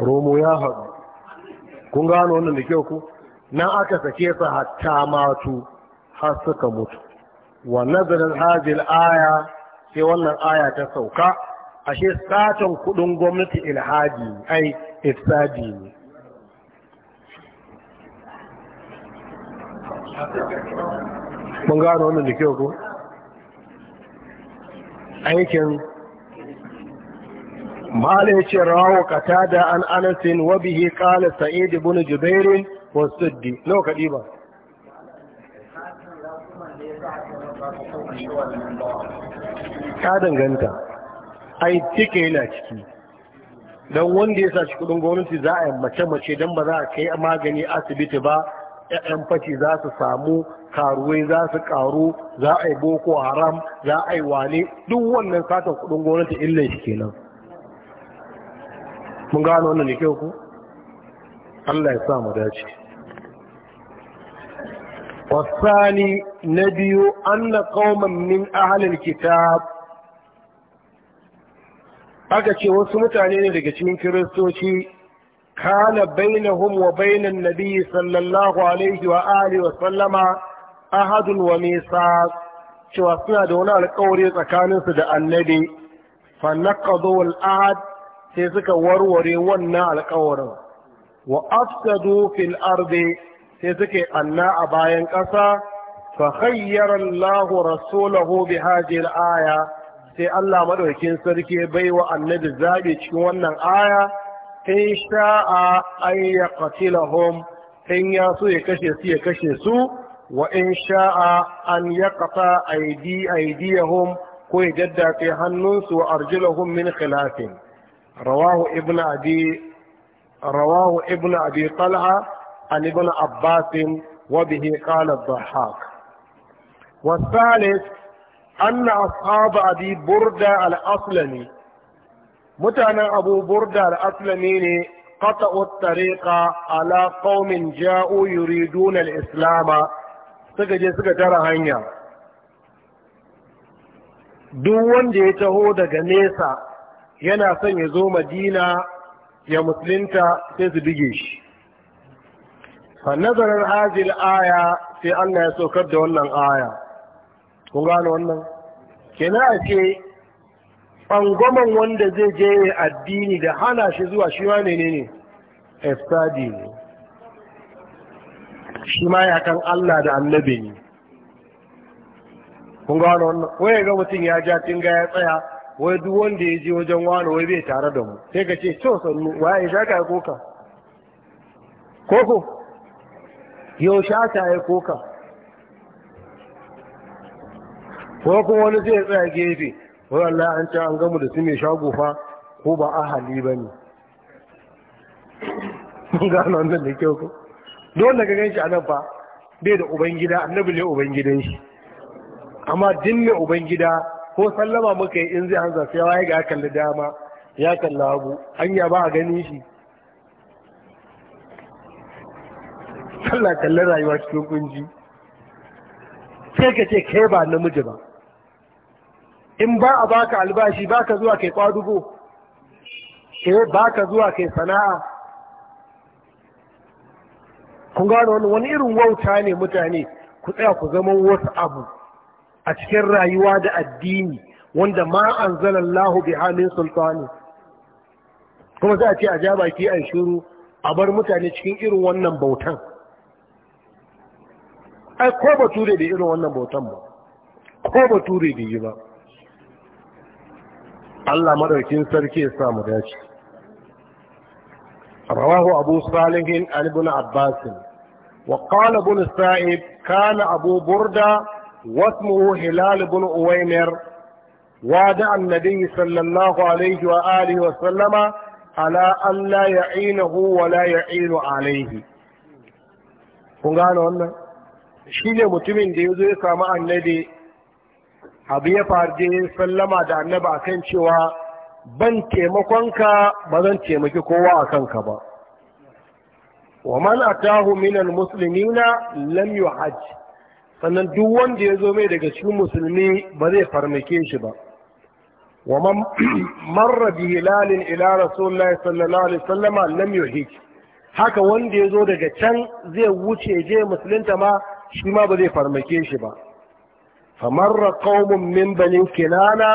S1: romo ya haɗu kun gano wannan da kyau ku nan aka sake sa hatta matu har suka mutu wa nazarin hazil aya sai wannan aya ta sauka ashe satan kudin gwamnati ilhadi ai ifsadi ne mun gano wannan da kyau ko aikin mala ya ce rawo kata da an anasin wabihi kala Sa'idu ibn jubairu wa suddi nawa kadi ba Ka danganta ai yana ciki don wanda ya sa shi kudin gwamnati za a yi mace-mace don ba za a kai magani asibiti ba 'ya'yan fashi za su samu karuwai za su karu za a yi boko haram za a yi wane duk wannan satan kudin gwamnati illa shi kenan mun gano wannan ne ku Allah ya sa mu dace wasani na biyu an na min ahalin kitab aka ce wasu mutane ne daga cikin kiristoci kana bainahum wa bainan nabi sallallahu alaihi wa alihi wa sallama ahadun wa misaq cewa suna da wani alƙawari tsakaninsu da annabi fa naqadu al ahad sai suka warware wannan alƙawarin wa afsadu fil ardi sai suke, anna a bayan ƙasa fa khayyara Allahu rasulahu bi hadhihi al-aya sai Allah madaukakin sarki bai wa annabi zaɓi cikin wannan aya in sha'a an yaqtilahum in ya so ya kashe su ya kashe su wa in sha'a an yaqta aidi ko ya daddace hannunsu wa arjulahum min khilafin rawahu ibn abi rawahu ibn abi talha an ibn abbas wa bihi qala ad والثالث anna ashabu abi burda al-aslami mutanen abu burda al-aslami ne قطعوا الطريق على قوم جاءوا يريدون suka je suka tara hanya duk wanda ya taho daga nesa yana son ya zo madina ya musulunta sai su bige shi fa nazarar hazil aya sai Allah ya saukar da wannan aya kun gano wannan kenan a ce ɓangwaman wanda zai je addini da hana shi zuwa shi ma ne ne efsadi ne shi ma ya kan Allah da annabi ne kun gano wannan waye ga mutum ya ja tinga ya tsaya wai duk wanda ya je wajen wani wai bai tare da mu sai ka ce to sannu waye shaka ya koka koko yau shata ya koka ko kuma wani zai tsaya gefe wai Allah an ci an gamu da su mai shago fa ko ba ahali ba ne mun gano wannan da kyau ko duk wanda ka ganshi anan fa bai da ubangida annabi ne ubangidan shi amma din mai ubangida ko sallama muka yi in zai hanza sai ya ga kalli dama ya kalla abu hanya ba a gani shi Allah kalli rayuwa cikin kunji sai ka ce kai ba namiji ba in ba a baka albashi baka zuwa kai kwadugo eh baka zuwa kai sana'a kun gano wani wani irin wauta ne mutane ku tsaya ku zama wasu abu a cikin rayuwa da addini wanda ma anzalallahu bi halin sultani kuma za a ce a ja baki a shiru a bar mutane cikin irin wannan bautan ai ko bature da irin wannan bautan ba ko bature da yi ba Allah madaukin sarki ya sa mu dace rawahu abu salihin an ibn abbas wa qala ibn kana abu burda wasmuhu hilal Uwainar, uwaymir وادع النبي صلى الله عليه وآله وسلم على أن لا يعينه ولا يعين عليه gane wannan shi ne mutumin da ya zo ya samu annabi abu ya farje sallama da annaba kan cewa ban taimakonka ba zan taimaki kowa a kanka ba wa man atahu minal muslimina lam yuhajj sannan duk wanda ya zo mai daga cikin musulmi ba zai farmake shi ba wa man marra bi ila rasulullahi sallallahu alaihi wasallama lam yuhajj haka wanda ya zo daga can zai wuce je musulunta ma shi ma ba zai farmake shi ba famarra qaumun min bani kinana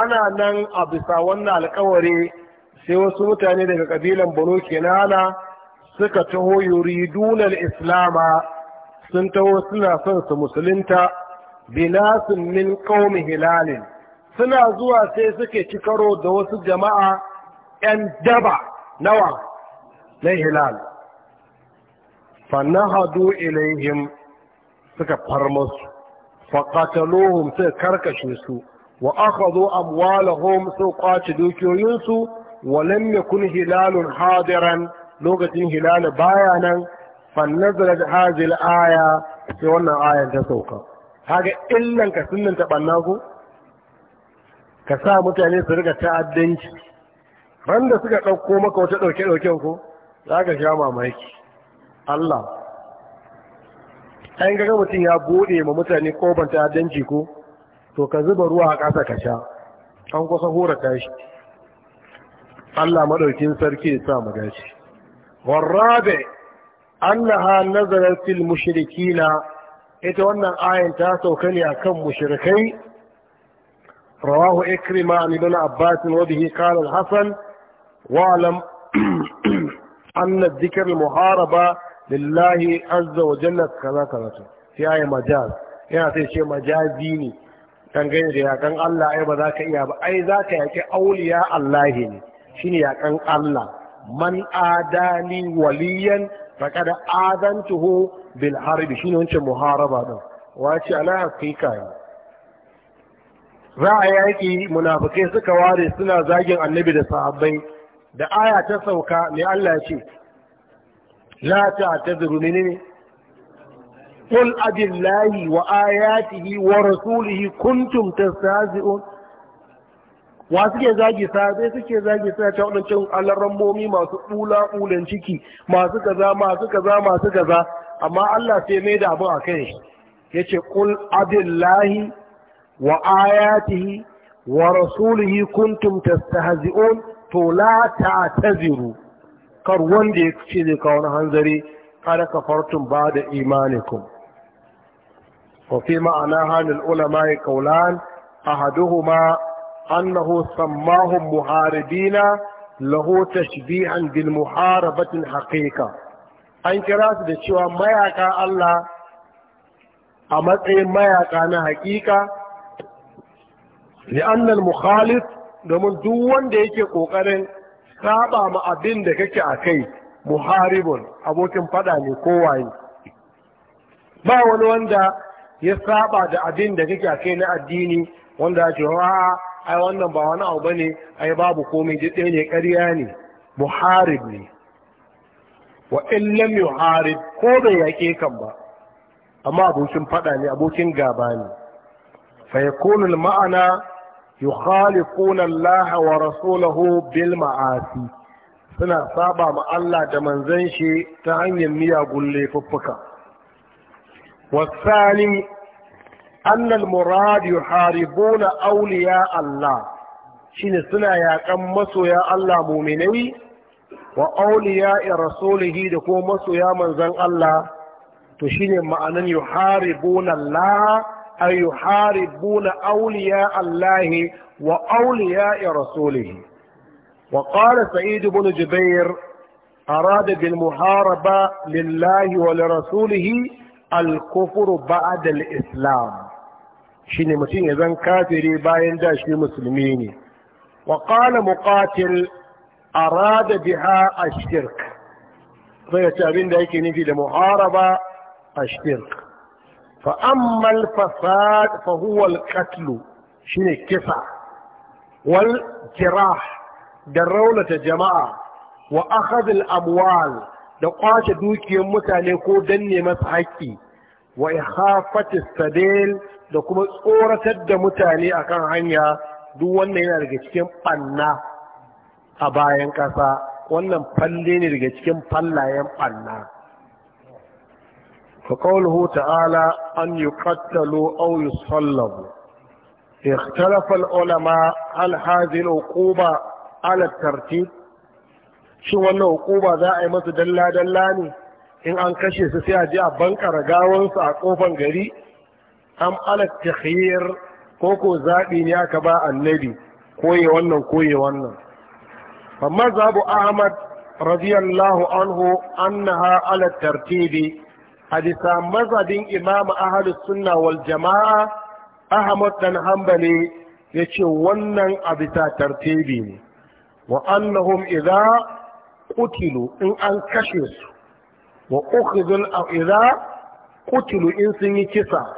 S1: ana nan a bisa wannan alkawari sai wasu mutane daga kabilan banu kinana suka taho yuriduna islama sun taho suna son su musulunta binasun min qaumi hilalin suna zuwa sai suke ci karo da wasu jama'a 'yan daba nawa na hilal fanahadu ilaihim suka farmasu faƙatalohun sai karkashe su wa aka zo amwalahum sau ƙwace dukiyoyinsu walam yakun hilalun hadiran lokacin hilal baya nan fannazalat hazil aya sai wannan ayan ta sauka kaga illan ka sunnan ta ku ka sa mutane su riga ta'addanci ran suka ɗauko maka wata ɗauke ɗauken ku za ka sha mamaki Allah an gaga mutum ya bude ma mutane kobanta ta danji ko to ka zuba ruwa a ƙasa ka sha an kusa hura tashi Allah madaukin sarki ya sa mu dace warrabe annaha Nazarar fil mushrikina ita wannan ayin ta sauka ne a kan mushrikai rawahu ikrima an ibn abbas wa bihi qala al hasan wa alam anna dhikr al muharaba lillahi azza wa jalla kaza kaza to sai ayi majaz yana sai ce majazi ne dangane da yakan Allah ai ba za ka iya ba ai za ka yaƙi auliya Allah ne Shin yakan Allah man adani waliyan faqad adantuhu bil bilharbi? Shin wancan muharaba din wace ala hakika ne za a yaƙi munafukai suka ware suna zagin annabi da sahabbai da aya ta sauka mai Allah ya ce la ta'tadiru menene قل أب الله وآياته ورسوله كنتم تستهزئون wasu zagi sa sai suke zagi sa ta wadancan alarammomi masu ɗula ƙulan ciki masu kaza masu kaza masu kaza amma Allah sai mai da abin a kai ya ce ƙul abillahi wa ayatihi wa rasulihi kuntum tastahzi'un to la ta'taziru kar wanda ya ce zai kawo na hanzari kada kafartun ba da imanikum wa fi ma'ana halin ulama ya kaulan ahaduhuma annahu sammahum muharibina lahu tashbihan bil muharabatin haqiqa an kira su da cewa mayaka Allah a matsayin mayaka na haƙiƙa li'annal mukhalif domin duk wanda yake ƙoƙarin saba ma abin da kake a kai muharibun abokin fada ne kowaye ba wani wanda ya saba da abin da kake a kai na addini wanda ya ce wa ai wannan ba wani abu bane ai babu komai duk ɗaya ne ƙarya ne muharib ne wa in lam yuharib ko bai yake kan ba amma abokin fada ne abokin gaba ne fa yakunu ma'ana yukhalifuna Allah wa rasulahu bil ma'asi suna saɓa ma Allah da manzon shi ta hanyar miyagun laifuffuka wasani annal murad yuharibuna awliya Allah shine suna yakan masoya Allah mu'minai wa awliya rasulihi da kuma masoya manzon Allah to shine ma'anan yuharibuna Allah أن يحاربون أولياء الله وأولياء رسوله وقال سعيد بن جبير أراد بالمحاربة لله ولرسوله الكفر بعد الإسلام شيني متين إذن كافري باين داش مسلمين وقال مقاتل أراد بها الشرك فيتابين دايكي نفي لمحاربة الشرك fa ammal fasad fa huwa shine kisa wal jirah da raunata jama'a wa akhadh amwal da kwace dukiyar mutane ko danne masa haƙƙi wa ikhafati sabil da kuma tsoratar da mutane akan hanya duk wannan yana daga cikin ɓanna a bayan ƙasa wannan falle ne daga cikin fallayen ɓanna فقوله تعالى أن يقتلوا أو يصلبوا اختلف العلماء هل هذه العقوبة على الترتيب shi wannan hukuma za a yi masu dalla-dalla ne in an kashe su sai a ji a bankara gawansu a ƙofan gari am ala takhir ko ko zaɓi ne aka ba annabi koye wannan koye wannan amma ahmad radiyallahu anhu annaha ala tartibi hadisa mazabin imamu Ahadu sunna wal jama'a ahmad dan ya ce wannan a tartibi ne wa annahum idza qutilu in an kashe su wa ukhidhu idza qutilu in sun yi kisa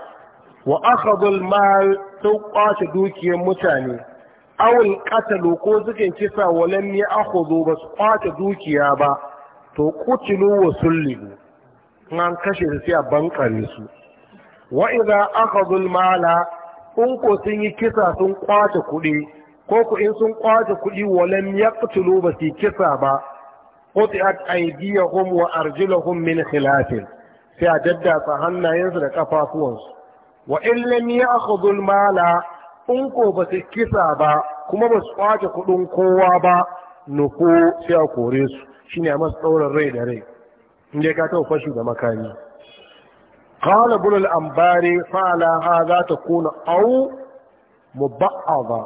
S1: wa akhadhu al mal sun kwace dukiyar mutane awul qatalu ko suke kisa walam ya akhudhu ba su kwace dukiya ba to qutilu wa sullibu an kashe su sai a bankare su wa aka zulmala in ko sun yi kisa sun kwace kuɗi ko ku in sun kwace kuɗi walam kutulu ba su kisa ba aidiya aydiyahum wa arjuluhum min khilafin sai a daddasa hannayensu da kafafuwansu wa in lam aka zulmala in ko ba su kisa ba kuma ba su kwace kuɗin kowa ba nufo sai a kore su shine a masu tsaurin rai da rai inda ka taɓa fashi da makami qala bulul ambari fa'ala hadha takunu aw muba'adha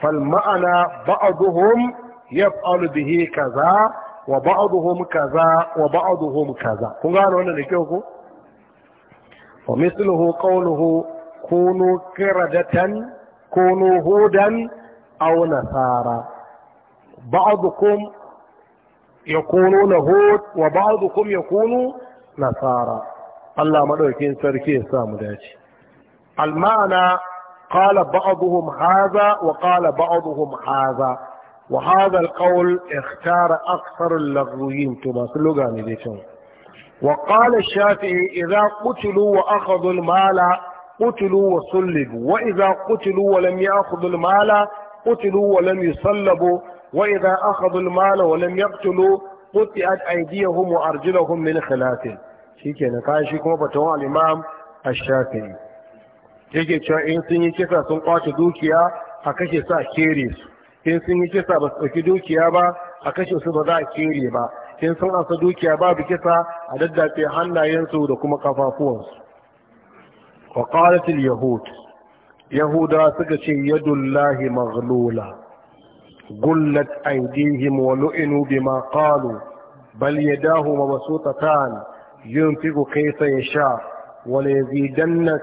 S1: fal ma'ana ba'dhum yaf'alu bihi kaza wa ba'dhum kaza wa ba'dhum kaza kun gano wannan da kyau ko wa misluhu qawluhu kunu qiradatan kunu hudan aw nasara ba'dukum يقولون هود وبعضكم يكون نصارى الله مدوكين سركي سامو داشي المعنى قال بعضهم هذا وقال بعضهم هذا وهذا القول اختار أكثر اللغويين تما سلوغاني ديشون وقال الشافعي إذا قتلوا وأخذوا المال قتلوا وصلبوا وإذا قتلوا ولم يأخذوا المال قتلوا ولم يصلبوا wa idza akhadhu al-mala wa lam yaqtulu qutiat aydiyahum wa arjuluhum min khilaf shikenan kai shi kuma fatawan al-imam ash-shafi'i yake cewa in sun yi kisa sun kwace dukiya a kashe su a kere su in sun yi kisa ba su ɗauki dukiya ba a kashe su ba za a kere ba in sun asa dukiya babu kisa a daddace hannayensu da kuma kafafuwansu wa qalat al-yahud yahuda suka ce yadullahi maghlula غلت أيديهم ولئنوا بما قالوا بل يداه مبسوطتان ينفق كيف يشاء وليزيدن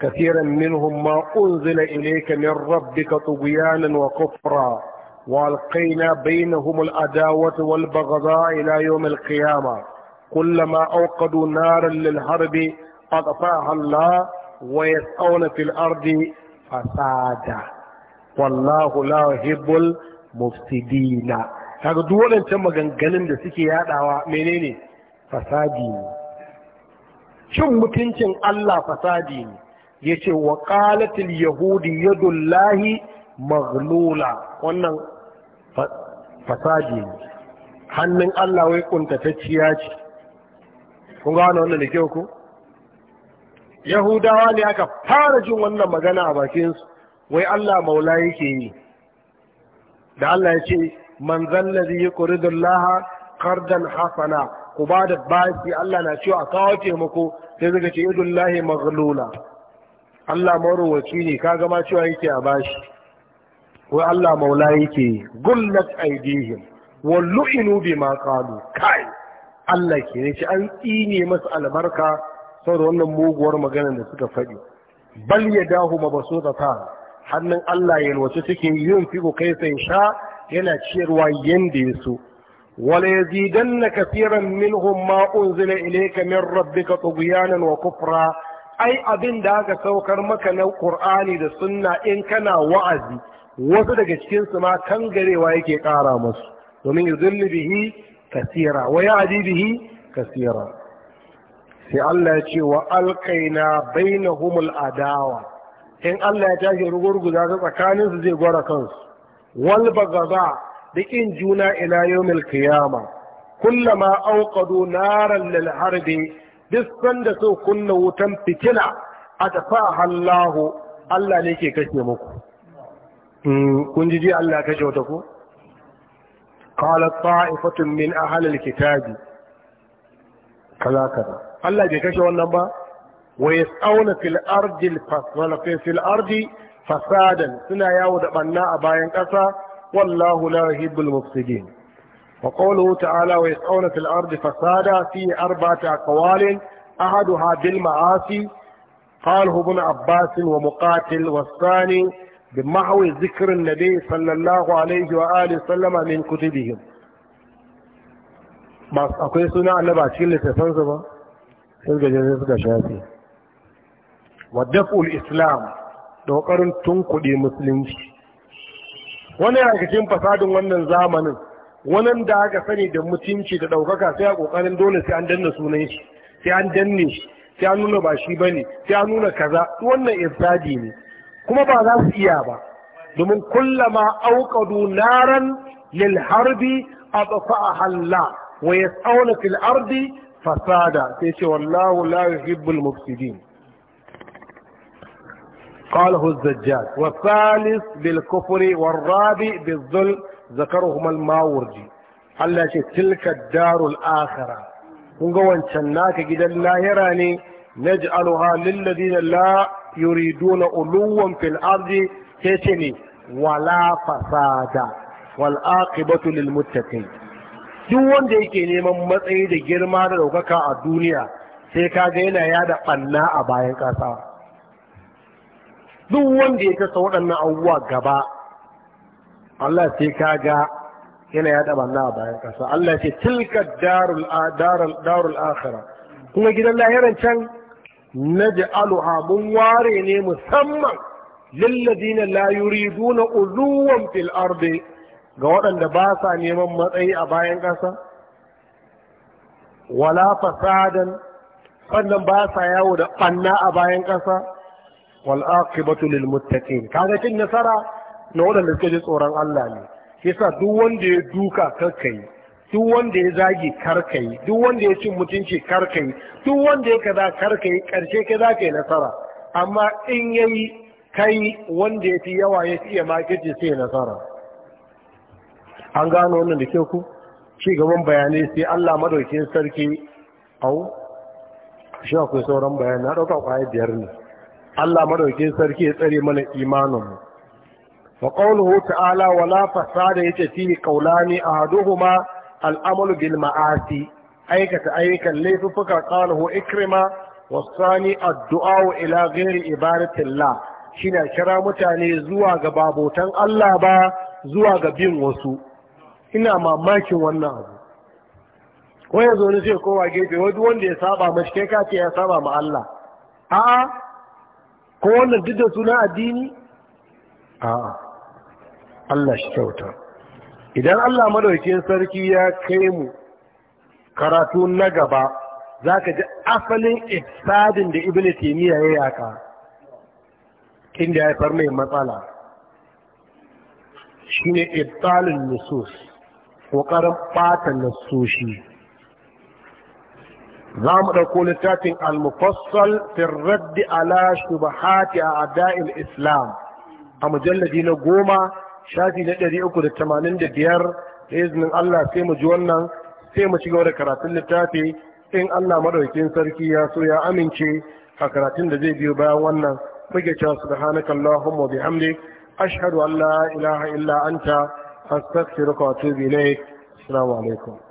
S1: كثيرا منهم ما أنزل إليك من ربك طغيانا وكفرا وألقينا بينهم العداوة والبغضاء إلى يوم القيامة كلما أوقدوا نارا للحرب أطفاها الله ويسعون في الأرض فسادا wallahu la hibbul mufsidina kaga duk waɗancan maganganun da suke yadawa menene fasadi ne cin mutuncin Allah fasadi ne yace wa qalatil yahudi yadullahi maghlula wannan fasadi ne hannun Allah wai kuntatacciya ce kun ga wannan da kyau ko Yahudawa ne aka fara jin wannan magana a bakin su. wai Allah maula yake yi da Allah ya ce man zallazi da Allah qardan hasana ku ba da baki Allah na cewa a kawo taimako sai zaka ce idullahi maglula. Allah maruwaci ne ka gama cewa yake a bashi wai Allah maula yake yi gullat aidihim wa lu'inu ma qalu kai Allah ke ne an tsine masa albarka saboda wannan muguwar maganar da suka faɗi bal yadahu mabsutatan hannun Allah yalwace cikin yin fiko kai sai sha yana ciyarwa yanda ya so wala yazidanna kaseeran minhum ma unzila ilayka min rabbika tughyanan wa kufra ai abin da aka saukar maka na Qur'ani da sunna in kana wa'azi wasu daga cikin su ma garewa yake kara musu domin yuzillu bihi kasira wa ya'di bihi kasira sai Allah ya ce wa alqaina bainahumul adawa in Allah ya tashi rugurguza ta tsakanin su zai gwara kansu wal bagaba da kin juna ila yawmil qiyama kullama awqadu naran lil harbi duk sanda so kunna wutan fitina adfa Allahu Allah ne ke kashe muku hmm, kun ji Allah kashe wata ko min a من أهل kala كذا Allah ke kashe wannan ba wa yas'auna fil ardi ardi fasadan suna yawo da banna a bayan ƙasa wallahu la yuhibbul mufsidin wa qawluhu ta'ala wa yas'auna fil ardi fasada fi arba'ati aqwalin ahadu bil ma'asi قاله ابن عباس ومقاتل والثاني بمحو ذكر النبي صلى الله عليه وآله وسلم من كتبهم بس أقول سنة على بعد شيء اللي تفنزه ba sai ga suka shafi Waddaful islam da tun tunkuɗe musulunci wani a cikin fasadin wannan zamanin wannan da aka sani da mutunci da ɗaukaka sai a kokarin dole sai an danna sunan shi sai an danne shi sai an nuna ba shi bane sai an nuna kaza wannan irtadi ne kuma ba za su iya ba domin kullama auqadu naran lil harbi atfa'aha Allah wa yas'awna fil ardi fasada sai ce wallahu la yuhibbul mufsidin قاله الزجاج والثالث بالكفر والرابع بالظلم ذكرهما الماوردي Allah ce tilka darul akhira kun wancan naka gidan lahira ne naj'aluha lil ladina la yuriduna uluwan fil ardi kace ne wala fasada wal aqibatu lil muttaqin duk wanda yake neman matsayi da girma da daukaka a duniya sai kaga yana yada ɓanna a bayan kasa duk wanda ya kasa waɗannan abubuwa gaba Allah sai ka ga yana yada banna a bayan ƙasa Allah ce tilka darul darul kuma gidan lahiran can na naj'aluha mun ware ne musamman lilladina la yuriduna uluwan fil ardi ga waɗanda ba sa neman matsayi a bayan ƙasa wala fasadan sannan ba sa yawo da ɓanna a bayan ƙasa wal lil muttaqin kaga cin nasara na wadanda suka ji tsoron Allah ne yasa duk wanda ya duka karkai duk wanda ya zagi karkai duk wanda ya cin mutunci karkai duk wanda ya kaza karkai karshe kai za ka yi nasara amma in yayi kai wanda ya fi yawa ya fi iya makirci sai nasara an gano wannan da ke ku ci gaban bayanai sai Allah madaukin sarki au shi akwai sauran bayanai na ɗauka kwaya biyar ne Allah madaukin sarki ya tsare mana imaninmu wa qawluhu ta'ala wala fasada yace fi qawlani ahaduhuma al'amalu bil ma'asi aikata ayyukan laifuffuka qalahu ikrima wasani addu'a ila ghairi ibadatillah shine kira mutane zuwa ga babotan Allah ba zuwa ga bin wasu ina mamakin wannan abu ko yanzu ne sai kowa gefe wani wanda ya saba mashi kai ka ya saba ma Allah a'a ko wannan duk da suna addini a'a Allah shi kyauta idan Allah madaukin sarki ya kai mu karatu na gaba za ka ji asalin ifsadin da ibn taymiya ya yaka inda ya haifar mai matsala shine ibtalin nusus kokarin ɓata nasoshi za mu ɗauko littafin al-mufassal firraddi ala shubahati a ada'in islam a mujalladi na goma shafi na ɗari uku da tamanin da biyar da izinin Allah sai mu ji wannan sai mu ci gaba da karatun littafi in Allah madaukin sarki ya so ya amince a karatun da zai biyo bayan wannan muke cewa subhanaka allahumma bihamdik ashhadu an la ilaha illa anta astaghfiruka wa atubu ilayk assalamu alaikum